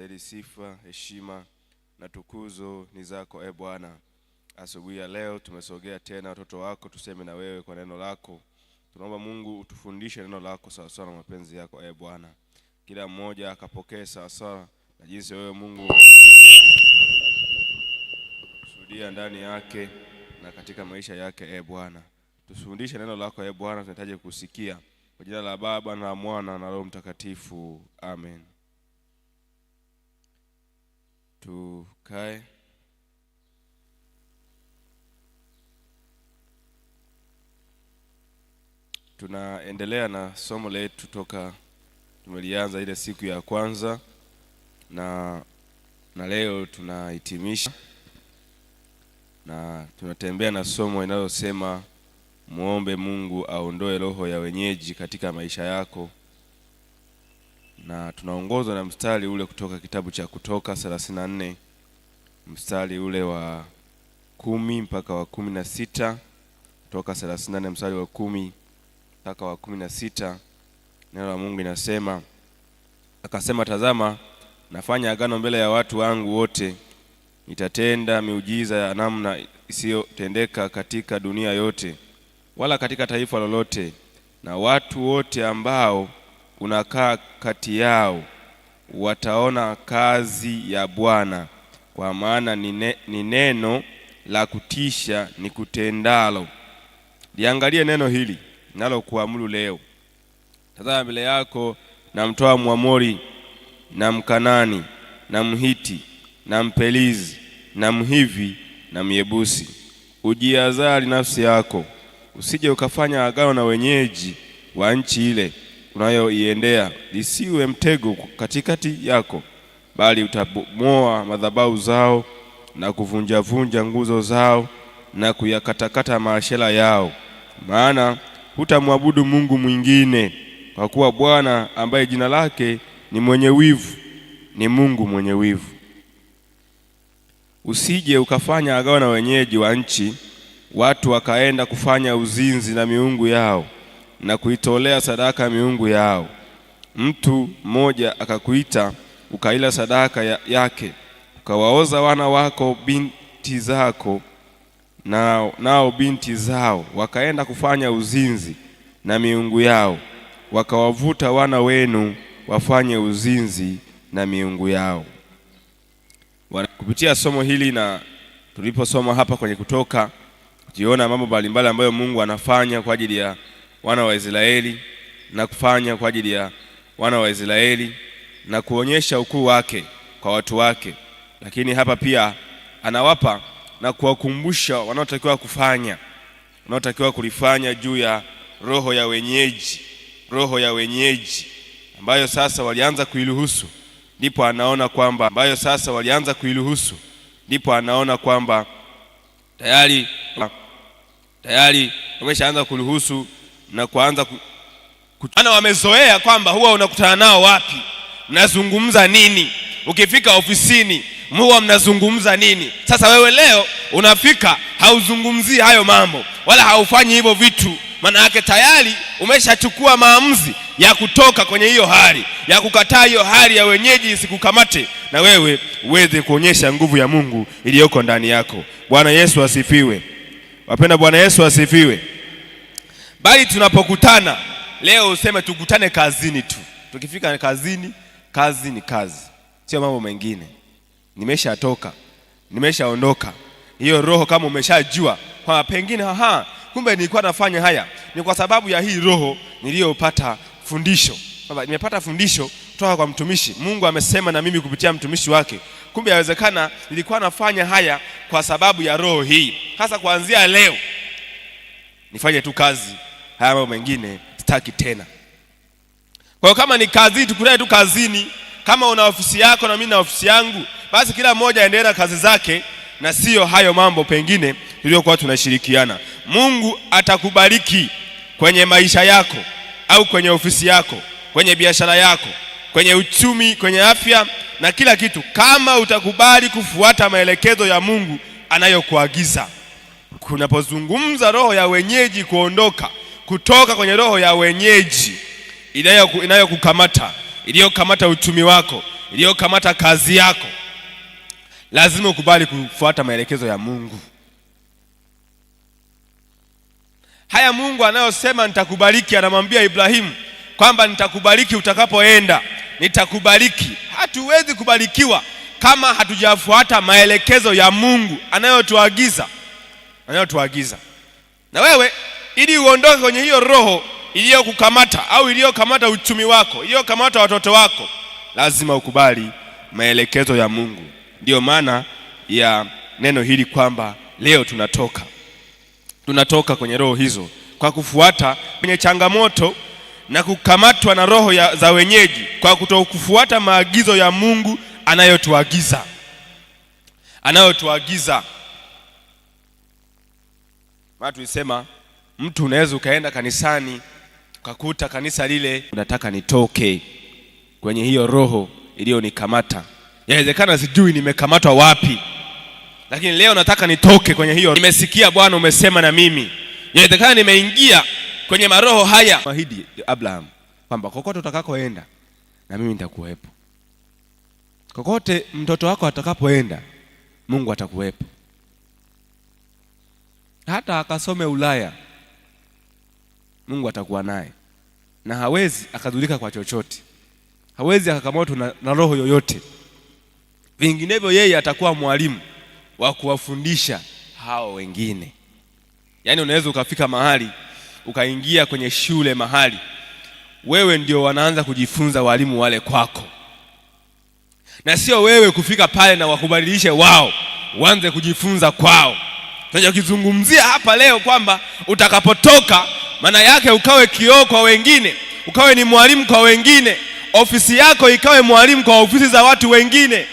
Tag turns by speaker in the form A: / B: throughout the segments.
A: Zaidi sifa, heshima na tukuzo ni zako e Bwana. Asubuhi ya leo tumesogea tena watoto wako, tuseme na wewe kwa neno lako. Tunaomba Mungu utufundishe neno lako sawasawa na mapenzi yako e Bwana, kila mmoja akapokee sawasawa na jinsi wewe Mungu kusudia ndani yake na katika maisha yake e Bwana, tufundishe neno lako e Bwana, tunahitaji kusikia. Kwa jina la Baba na Mwana na Roho Mtakatifu, amen. Tukae. Tunaendelea na somo letu toka tumelianza ile siku ya kwanza na, na leo tunahitimisha na tunatembea na somo inayosema muombe Mungu aondoe roho ya wenyeji katika maisha yako na tunaongozwa na mstari ule kutoka kitabu cha Kutoka 34 mstari ule wa kumi mpaka wa kumi na sita Kutoka 34 mstari wa kumi mpaka wa kumi na sita Neno la Mungu inasema, akasema, tazama, nafanya agano mbele ya watu wangu wote, nitatenda miujiza ya namna isiyotendeka katika dunia yote, wala katika taifa lolote, na watu wote ambao unakaa kati yao, wataona kazi ya Bwana, kwa maana ni neno la kutisha ni kutendalo. Liangalie neno hili kuamuru leo. Tazama mbele yako na mtoa Mwamori na Mkanani na Mhiti na Mpelizi na Mhivi na Myebusi. Ujiazali nafsi yako, usije ukafanya agano na wenyeji wa nchi ile unayoiendea isiwe mtego katikati yako, bali utabomoa madhabahu zao na kuvunjavunja nguzo zao na kuyakatakata maashela yao, maana hutamwabudu Mungu mwingine, kwa kuwa Bwana ambaye jina lake ni mwenye wivu ni Mungu mwenye wivu. Usije ukafanya agano na wenyeji wa nchi, watu wakaenda kufanya uzinzi na miungu yao na kuitolea sadaka miungu yao. Mtu mmoja akakuita ukaila sadaka ya yake, ukawaoza wana wako binti zako, nao, nao binti zao wakaenda kufanya uzinzi na miungu yao, wakawavuta wana wenu wafanye uzinzi na miungu yao. kupitia somo hili na tuliposoma hapa kwenye Kutoka, tukiona mambo mbalimbali ambayo Mungu anafanya kwa ajili ya wana wa Israeli na kufanya kwa ajili ya wana wa Israeli na kuonyesha ukuu wake kwa watu wake, lakini hapa pia anawapa na kuwakumbusha wanaotakiwa kufanya wanaotakiwa kulifanya juu ya roho ya wenyeji, roho ya wenyeji ambayo sasa walianza kuiruhusu, ndipo anaona kwamba ambayo sasa walianza kuiruhusu, ndipo anaona kwamba tayari tayari wameshaanza kuruhusu na kuanza ku, ku, ana wamezoea kwamba huwa unakutana nao wapi, mnazungumza nini? Ukifika ofisini huwa mnazungumza nini? Sasa wewe leo unafika hauzungumzii hayo mambo wala haufanyi hivyo vitu, maana yake tayari umeshachukua maamuzi ya kutoka kwenye hiyo hali ya kukataa hiyo hali ya wenyeji isikukamate na wewe uweze kuonyesha nguvu ya Mungu iliyoko ndani yako. Bwana Yesu asifiwe. Wapenda Bwana Yesu asifiwe bali tunapokutana leo useme tukutane kazini tu. Tukifika kazini, kazi ni kazi, sio mambo mengine. Nimeshatoka, nimeshaondoka. Hiyo roho kama umeshajua kwamba pengine aha, kumbe nilikuwa nafanya haya ni kwa sababu ya hii roho niliyopata fundisho kwamba nimepata fundisho kutoka kwa mtumishi. Mungu amesema na mimi kupitia mtumishi wake. Kumbe yawezekana nilikuwa nafanya haya kwa sababu ya roho hii. Sasa kuanzia leo nifanye tu kazi haya mambo mengine sitaki tena. Kwa hiyo kama ni kazi tukutane tu kazini, kama una ofisi yako na mimi na ofisi yangu, basi kila mmoja aendelee na kazi zake na siyo hayo mambo pengine tuliyokuwa tunashirikiana. Mungu atakubariki kwenye maisha yako au kwenye ofisi yako, kwenye biashara yako, kwenye uchumi, kwenye afya na kila kitu, kama utakubali kufuata maelekezo ya Mungu anayokuagiza. Kunapozungumza roho ya wenyeji kuondoka kutoka kwenye roho ya wenyeji inayokukamata, iliyokamata uchumi wako, iliyokamata kazi yako. Lazima ukubali kufuata maelekezo ya Mungu. Haya Mungu anayosema nitakubariki, anamwambia Ibrahimu kwamba nitakubariki utakapoenda, nitakubariki. Hatuwezi kubarikiwa kama hatujafuata maelekezo ya Mungu anayotuagiza, anayotuagiza na wewe ili uondoke kwenye hiyo roho iliyokukamata au iliyokamata uchumi wako, iliyokamata watoto wako, lazima ukubali maelekezo ya Mungu. Ndiyo maana ya neno hili kwamba leo tunatoka, tunatoka kwenye roho hizo kwa kufuata kwenye changamoto na kukamatwa na roho ya, za wenyeji kwa kutokufuata maagizo ya Mungu anayotuagiza anayotuagiza maana tulisema Mtu unaweza ukaenda kanisani ukakuta kanisa lile, unataka nitoke kwenye hiyo roho iliyonikamata. Yawezekana sijui nimekamatwa wapi, lakini leo nataka nitoke kwenye hiyo. Nimesikia Bwana umesema na mimi, yawezekana nimeingia kwenye maroho haya. Ahidi Abraham kwamba kokote utakakoenda na mimi nitakuwepo, kokote mtoto wako atakapoenda Mungu atakuwepo, hata akasome Ulaya. Mungu atakuwa naye na hawezi akadhulika kwa chochote, hawezi akakamatwa na, na roho yoyote. Vinginevyo yeye atakuwa mwalimu wa kuwafundisha hao wengine. Yaani unaweza ukafika mahali ukaingia kwenye shule mahali wewe ndio wanaanza kujifunza walimu wale kwako, na sio wewe kufika pale na wakubadilishe wao wanze kujifunza kwao. Tunachokizungumzia hapa leo kwamba utakapotoka maana yake ukawe kioo kwa wengine, ukawe ni mwalimu kwa wengine, ofisi yako ikawe mwalimu kwa ofisi za watu wengine,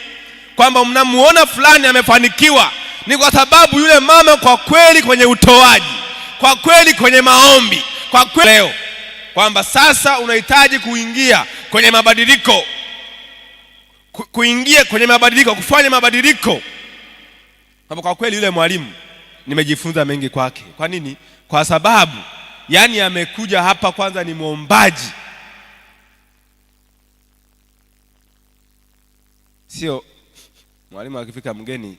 A: kwamba mnamuona fulani amefanikiwa ni kwa sababu yule mama kwa kweli kwenye utoaji, kwa kweli kwenye maombi, kwa kweli leo kwamba sasa unahitaji kuingia kwenye mabadiliko kuingia kwenye mabadiliko, kufanya mabadiliko. Kwa kweli yule mwalimu nimejifunza mengi kwake. Kwa nini? Kwa sababu yaani amekuja hapa kwanza ni mwombaji, sio mwalimu. Akifika mgeni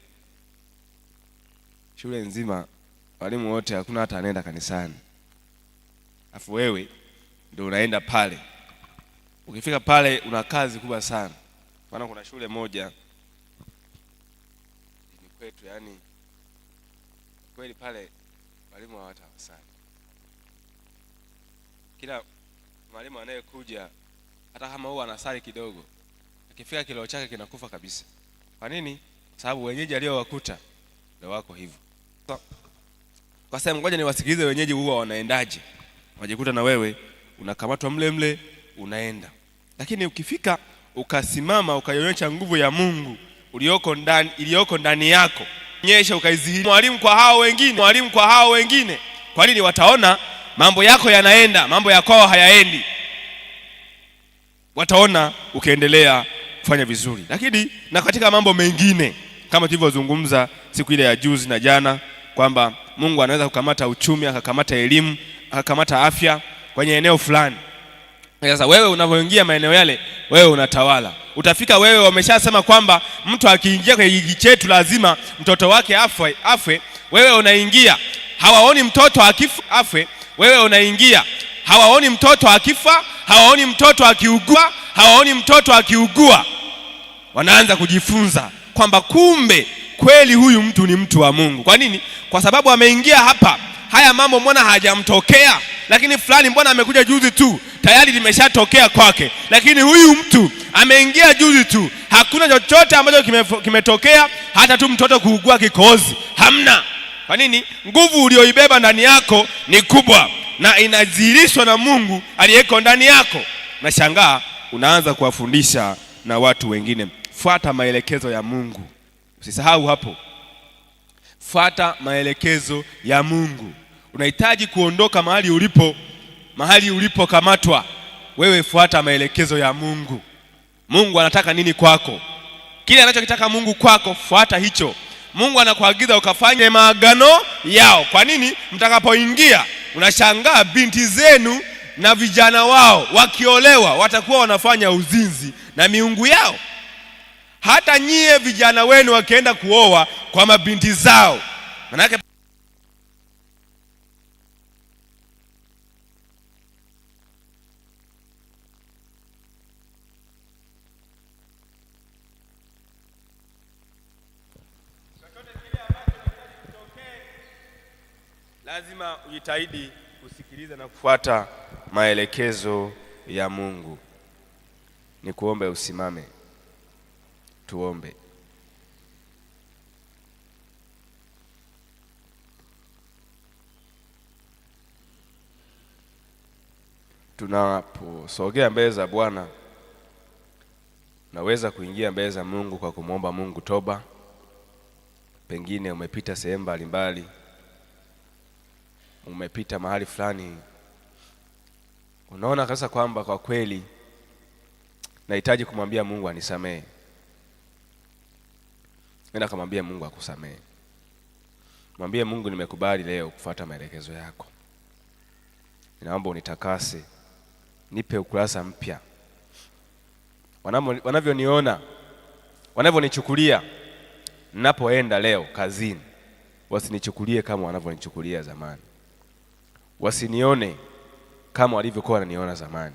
A: shule nzima, walimu wote, hakuna hata anaenda kanisani, afu wewe ndio unaenda pale. Ukifika pale una kazi kubwa sana, maana kuna shule moja kwetu, yani kweli pale walimu hawatakusanya kila mwalimu anayekuja hata kama huwa anasali kidogo, akifika kiloo chake kinakufa kabisa. Kwa nini? Sababu wenyeji aliowakuta ndio wako hivyo. Kwa sababu ngoja niwasikilize wenyeji huwa wanaendaje, wajikuta na wewe unakamatwa mle mle unaenda. Lakini ukifika ukasimama ukaionyesha nguvu ya Mungu ulioko ndani iliyoko ndani yako, nyesha ukaizihiri mwalimu kwa hao wengine, mwalimu kwa hao wengine, kwa nini wataona mambo yako yanaenda, mambo ya kwao hayaendi. Wataona ukiendelea kufanya vizuri, lakini na katika mambo mengine kama tulivyozungumza siku ile ya juzi na jana kwamba Mungu anaweza kukamata uchumi, akakamata elimu, akakamata afya kwenye eneo fulani. Sasa wewe unavyoingia maeneo yale, wewe unatawala. Utafika wewe, wameshasema kwamba mtu akiingia kwenye kijiji chetu lazima mtoto wake afwe, afwe. Wewe unaingia, hawaoni mtoto akifu afwe, wewe unaingia. Hawaoni mtoto akifa, hawaoni mtoto akiugua, hawaoni mtoto akiugua. Wanaanza kujifunza kwamba kumbe kweli huyu mtu ni mtu wa Mungu. Kwa nini? Kwa sababu ameingia hapa, haya mambo mbona hajamtokea, lakini fulani mbona amekuja juzi tu tayari limeshatokea kwake, lakini huyu mtu ameingia juzi tu, hakuna chochote ambacho kimetokea, kime hata tu mtoto kuugua kikohozi hamna. Kwa nini? Nguvu uliyoibeba ndani yako ni kubwa na inadhihirishwa na Mungu aliyeko ndani yako. Nashangaa unaanza kuwafundisha na watu wengine. Fuata maelekezo ya Mungu, usisahau hapo. Fuata maelekezo ya Mungu. Unahitaji kuondoka mahali ulipo, mahali ulipokamatwa wewe, fuata maelekezo ya Mungu. Mungu anataka nini kwako? Kile anachokitaka Mungu kwako, fuata hicho. Mungu anakuagiza ukafanye maagano yao. Kwa nini? Mtakapoingia unashangaa binti zenu na vijana wao wakiolewa watakuwa wanafanya uzinzi na miungu yao. Hata nyie vijana wenu wakienda kuoa kwa mabinti zao, manake lazima ujitahidi kusikiliza na kufuata maelekezo ya Mungu. ni kuombe usimame tuombe. Tunaposogea mbele za Bwana, naweza kuingia mbele za Mungu kwa kumwomba Mungu toba. Pengine umepita sehemu mbalimbali umepita mahali fulani, unaona kabisa kwamba kwa kweli nahitaji kumwambia Mungu anisamehe, nenda kamwambia Mungu akusamehe. Mwambie Mungu, nimekubali leo kufuata maelekezo yako, ninaomba unitakase, nipe ukurasa mpya, wanavyoniona, wanavyonichukulia ninapoenda leo kazini, wasinichukulie kama wanavyonichukulia zamani wasinione kama walivyokuwa wananiona zamani.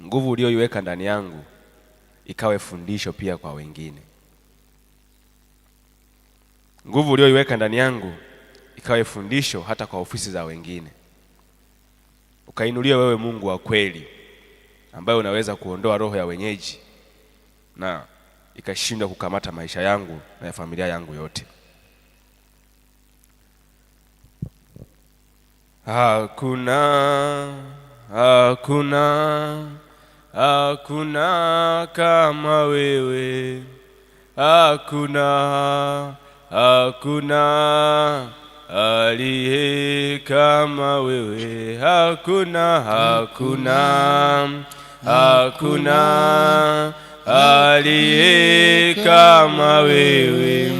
A: Nguvu uliyoiweka ndani yangu ikawe fundisho pia kwa wengine. Nguvu uliyoiweka ndani yangu ikawe fundisho hata kwa ofisi za wengine. ukainulia wewe Mungu wa kweli ambaye unaweza kuondoa roho ya wenyeji na ikashindwa kukamata maisha yangu na ya familia yangu yote.
B: Hakuna, hakuna, hakuna kama wewe. Hakuna, hakuna aliye kama wewe. Hakuna, hakuna, hakuna aliye kama wewe.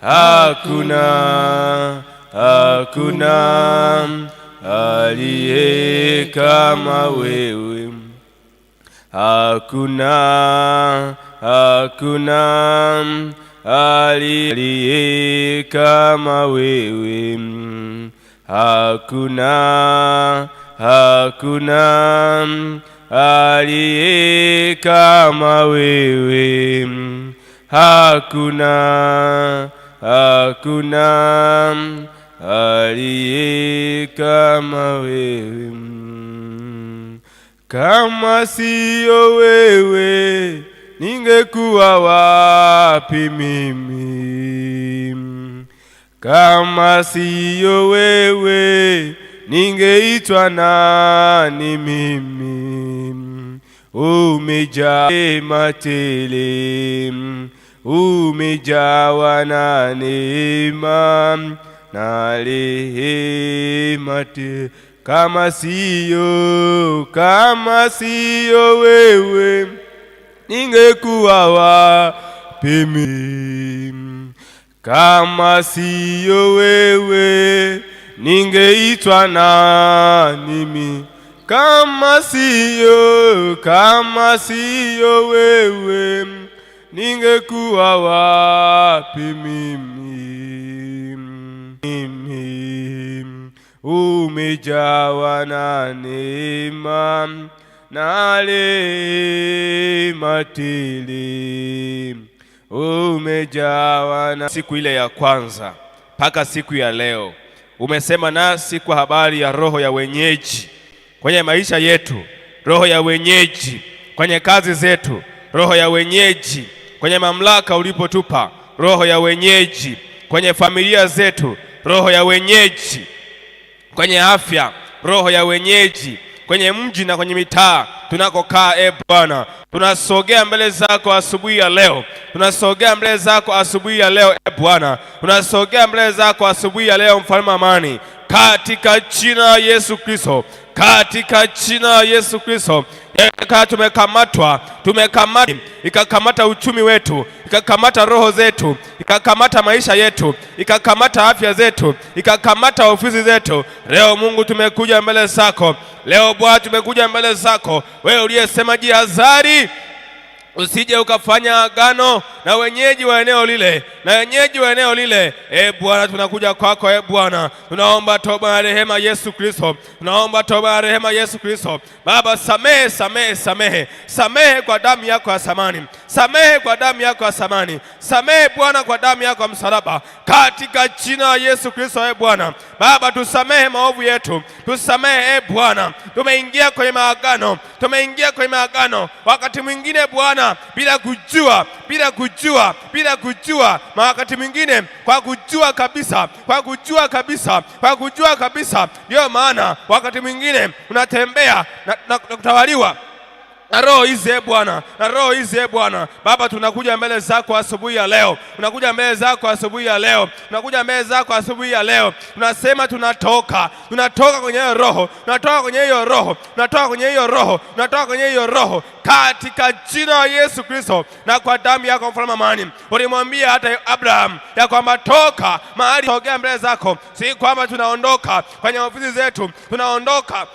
B: Hakuna hakuna, hakuna, hakuna, hakuna, hakuna, hakuna, hakuna aliye kama wewe, hakuna hakuna aliye kama wewe, hakuna hakuna aliye kama wewe, hakuna hakuna aliye kama wewe, kama siyo wewe ningekuwa wapi mimi? Kama siyo wewe ningeitwa nani mimi? Umejaa tele, umejawa na neema na rehemati kama siyo, kama siyo wewe, ningekuwa wapi mimi? Kama siyo wewe, ningeitwa nani mimi? Kama siyo, kama siyo wewe, ningekuwa wapi mimi? umejawa na neema na rehema tele, umejawa na
A: siku ile ya kwanza mpaka siku ya leo umesema nasi kwa habari ya roho ya wenyeji kwenye maisha yetu, roho ya wenyeji kwenye kazi zetu, roho ya wenyeji kwenye mamlaka ulipotupa, roho ya wenyeji kwenye familia zetu, roho ya wenyeji kwenye afya, roho ya wenyeji kwenye mji na kwenye mitaa tunakokaa. E Bwana, tunasogea mbele zako asubuhi ya leo, tunasogea mbele zako asubuhi ya leo. E Bwana, tunasogea mbele zako asubuhi ya leo, mfalme amani, katika jina la Yesu Kristo katika jina la Yesu Kristo. kaa tumekamatwa, tumekamata, ikakamata uchumi wetu, ikakamata roho zetu, ikakamata maisha yetu, ikakamata afya zetu, ikakamata ofisi zetu. Leo Mungu tumekuja mbele zako, leo Bwana tumekuja mbele zako, wewe uliyesema jihadhari usije ukafanya agano na wenyeji wa eneo lile na wenyeji wa eneo lile. E Bwana, tunakuja kwako. E Bwana, tunaomba toba ya rehema Yesu Kristo, tunaomba toba ya rehema Yesu Kristo. Baba, samehe, samehe, samehe, samehe kwa damu yako ya samani, samehe kwa damu yako ya samani, samehe Bwana kwa damu yako ya msalaba, katika jina la Yesu Kristo. E Bwana, Baba, tusamehe maovu yetu, tusamehe e Bwana. Tumeingia kwenye maagano, tumeingia kwenye maagano, wakati mwingine Bwana tena bila kujua, bila kujua, bila kujua, na wakati mwingine kwa kujua kabisa, kwa kujua kabisa, kwa kujua kabisa. Ndiyo maana wakati mwingine unatembea na, na, na kutawaliwa na roho hizi e Bwana, na roho hizi e Bwana. Baba, tunakuja mbele zako asubuhi ya leo, tunakuja mbele zako asubuhi ya leo, tunakuja mbele zako asubuhi ya leo. Tunasema tunatoka, tunatoka kwenye hiyo roho, tunatoka kwenye hiyo roho, tunatoka kwenye hiyo roho, tunatoka kwenye hiyo roho katika jina la Yesu Kristo na kwa damu yako mfalme amani. Ulimwambia hata Abraham ya kwamba toka mahali tokea mbele zako, si kwamba tunaondoka kwenye ofisi zetu, tunaondoka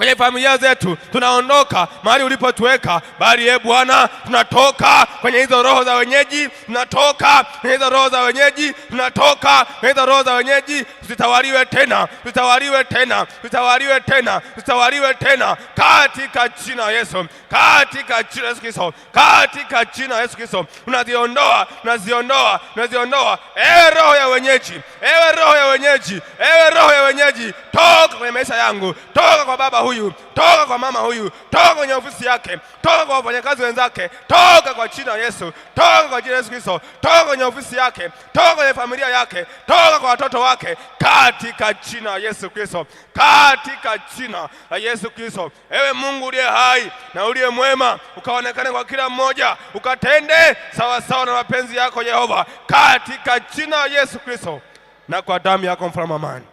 A: kwenye familia zetu, tunaondoka mahali ulipotuweka, bali ye ee Bwana, tunatoka kwenye hizo roho za wenyeji, tunatoka kwenye hizo roho za wenyeji, tunatoka kwenye hizo roho za wenyeji. Tusitawaliwe tena, tusitawaliwe tena, tusitawaliwe tena, tusitawaliwe tena, katika jina Yesu, katika jina Yesu Kristo, katika jina Yesu Kristo, unaziondoa, unaziondoa, unaziondoa, ewe roho ya wenyeji, ewe roho ya wenyeji, ewe roho ya wenyeji, toka kwenye maisha yangu, toka kwa baba huyu, toka kwa mama huyu, toka kwenye ofisi yake, toka kwa wafanyakazi wenzake, toka kwa jina Yesu, toka kwa jina Yesu Kristo, toka kwenye ofisi yake, toka kwenye familia yake, toka kwa watoto wake, katika jina Yesu Kristo, katika jina la Yesu Kristo. Ewe Mungu uliye hai na uliye mwema, ukaonekane kwa kila mmoja, ukatende sawasawa na mapenzi yako Yehova, katika jina la Yesu Kristo na kwa damu yako mfalme amani.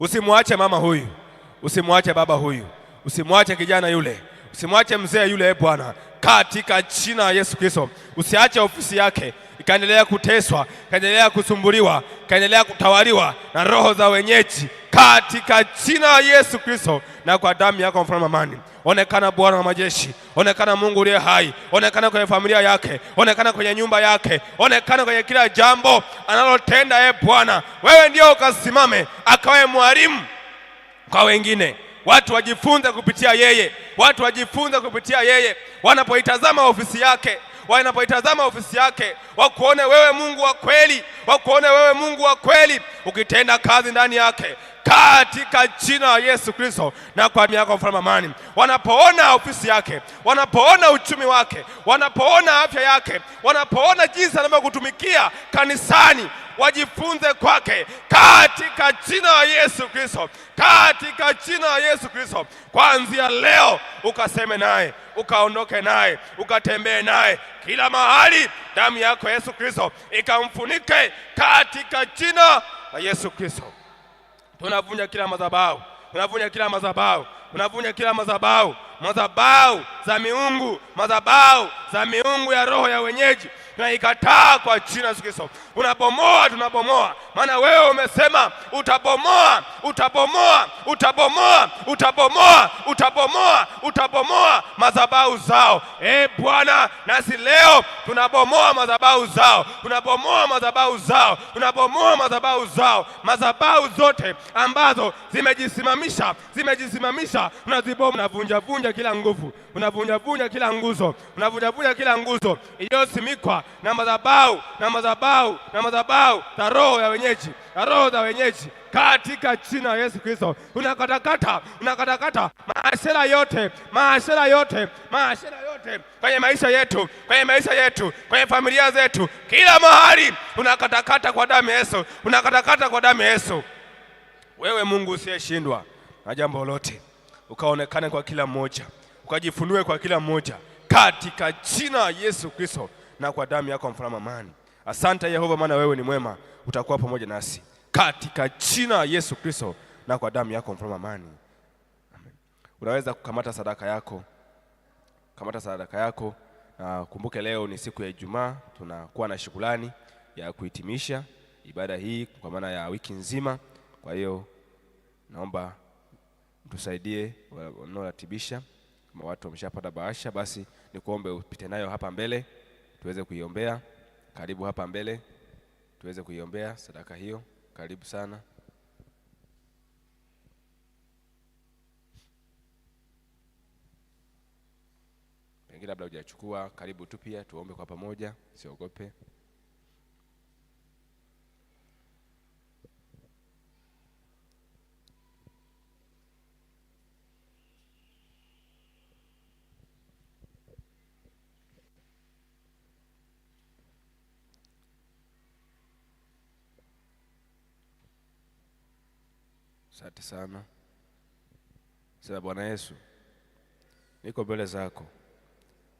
A: Usimwache mama huyu. Usimwache baba huyu, usimwache kijana yule, usimwache mzee yule, e Bwana, katika jina la Yesu Kristo. Usiache ofisi yake ikaendelea kuteswa, ikaendelea kusumbuliwa, ikaendelea kutawaliwa na roho za wenyeji, katika jina la Yesu Kristo na kwa damu yako mfalme amani. Onekana Bwana wa majeshi, onekana Mungu uliye hai, onekana kwenye familia yake, onekana kwenye nyumba yake, onekana kwenye kila jambo analotenda. E Bwana, wewe ndio ukasimame, akawe mwalimu kwa wengine. Watu wajifunze kupitia yeye, watu wajifunze kupitia yeye. Wanapoitazama ofisi yake, wanapoitazama ofisi yake, wakuone wewe Mungu wa kweli, wakuone wewe Mungu wa kweli ukitenda kazi ndani yake katika jina la Yesu Kristo na kwa miaka mfalme amani. Wanapoona ofisi yake, wanapoona uchumi wake, wanapoona afya yake, wanapoona jinsi anavyokutumikia kanisani wajifunze kwake katika jina la Yesu Kristo, katika jina la Yesu Kristo. Kuanzia leo ukaseme naye, ukaondoke naye, ukatembee naye kila mahali. Damu yako Yesu Kristo ikamfunike katika jina la Yesu Kristo. Tunavunja kila madhabahu, tunavunja kila madhabahu, tunavunja kila madhabahu madhabahu za miungu, madhabahu za miungu ya roho ya wenyeji tunaikataa kwa jina Yesu Kristo. Unabomoa, tunabomoa, maana wewe umesema utabomoa, utabomoa, utabomoa, utabomoa, utabomoa, utabomoa madhabahu zao. E Bwana, nasi leo tunabomoa madhabahu zao, tunabomoa madhabahu zao, tunabomoa madhabahu zao, madhabahu zote ambazo zimejisimamisha, zimejisimamisha, tunazibomoa, vunja unavunjavunja kila nguvu, unavunjavunja kila nguzo, unavunjavunja kila nguzo iliyosimikwa na madhabahu na madhabahu na madhabahu za roho ya wenyeji na roho za wenyeji katika jina la Yesu Kristo, unakatakata unakatakata maashera yote maashera yote maashera yote kwenye maisha yetu kwenye maisha yetu kwenye familia zetu, kila mahali unakatakata kwa damu Yesu, unakatakata kwa damu Yesu. Wewe Mungu usiyeshindwa na jambo lolote ukaonekane kwa kila mmoja, ukajifunue kwa kila mmoja katika jina Yesu Kristo na kwa damu yako mfalme amani. Asante Yehova, maana wewe ni mwema, utakuwa pamoja nasi katika jina Yesu Kristo na kwa damu yako mfalme amani. Amen. Unaweza kukamata sadaka yako, kamata sadaka yako na kumbuke, leo ni siku ya Ijumaa, tunakuwa na shukrani ya kuhitimisha ibada hii kwa maana ya wiki nzima. Kwa hiyo naomba tusaidie wanaoratibisha kama watu wameshapata bahasha, basi ni kuombe upite nayo hapa mbele tuweze kuiombea. Karibu hapa mbele tuweze kuiombea sadaka hiyo. Karibu sana. Pengine labda hujachukua, karibu tu pia tuombe kwa pamoja, siogope. Asante sana. Sema Bwana Yesu, niko mbele zako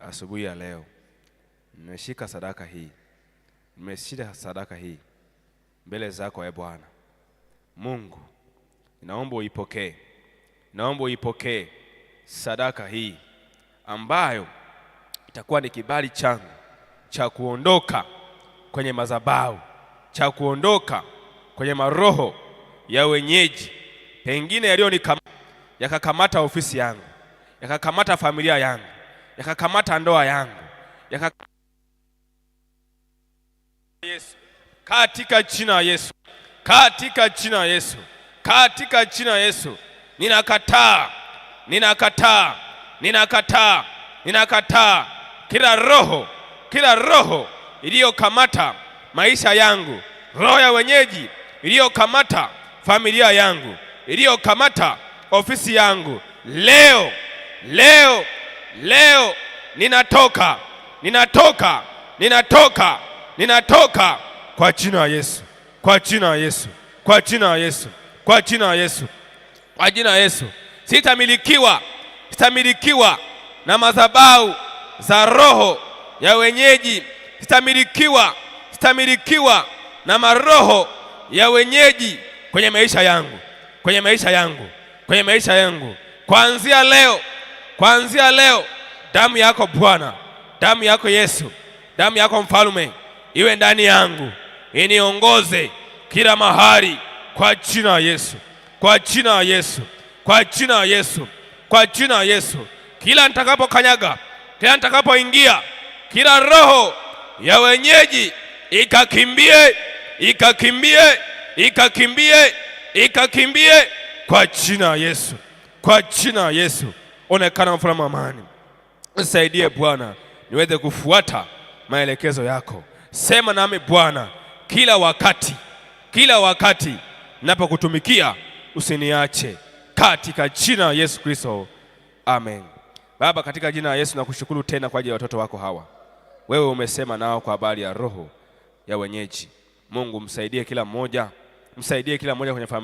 A: asubuhi ya leo, nimeshika sadaka hii, nimeshika sadaka hii mbele zako, e Bwana Mungu, naomba uipokee, naomba uipokee sadaka hii ambayo itakuwa ni kibali changu cha kuondoka kwenye mazabau cha kuondoka kwenye maroho ya wenyeji pengine yaliyonikamata yakakamata ofisi yangu, yakakamata familia yangu, yakakamata ndoa yangu, yaka Yesu, katika jina la Yesu, katika jina la Yesu, katika jina la Yesu, ninakataa, ninakataa, ninakataa, ninakataa kila roho, kila roho iliyokamata maisha yangu, roho ya wenyeji iliyokamata familia yangu iliyokamata ofisi yangu leo, leo, leo ninatoka, ninatoka, ninatoka, ninatoka kwa jina la Yesu, kwa jina la Yesu, kwa jina la Yesu, kwa jina la Yesu, kwa jina la Yesu. Sitamilikiwa, sitamilikiwa na madhabahu za roho ya wenyeji, sitamilikiwa, sitamilikiwa na maroho ya wenyeji kwenye maisha yangu kwenye maisha yangu, kwenye maisha yangu. Kuanzia leo, kuanzia leo, damu yako Bwana, damu yako Yesu, damu yako mfalme iwe ndani yangu, iniongoze kila mahali, kwa jina la Yesu, kwa jina la Yesu, kwa jina la Yesu, kwa jina la Yesu. Kila nitakapokanyaga, kila nitakapoingia, kila roho ya wenyeji ikakimbie, ikakimbie, ikakimbie ikakimbie kwa jina Yesu, kwa jina Yesu. Onekana mfalme wa amani, nisaidie Bwana niweze kufuata maelekezo yako. Sema nami Bwana kila wakati, kila wakati napokutumikia usiniache, katika jina Yesu Kristo, amen. Baba, katika jina la Yesu nakushukuru tena kwa ajili ya watoto wako hawa. Wewe umesema nao kwa habari ya roho ya wenyeji. Mungu, msaidie kila mmoja msaidie kila mmoja kwenye familia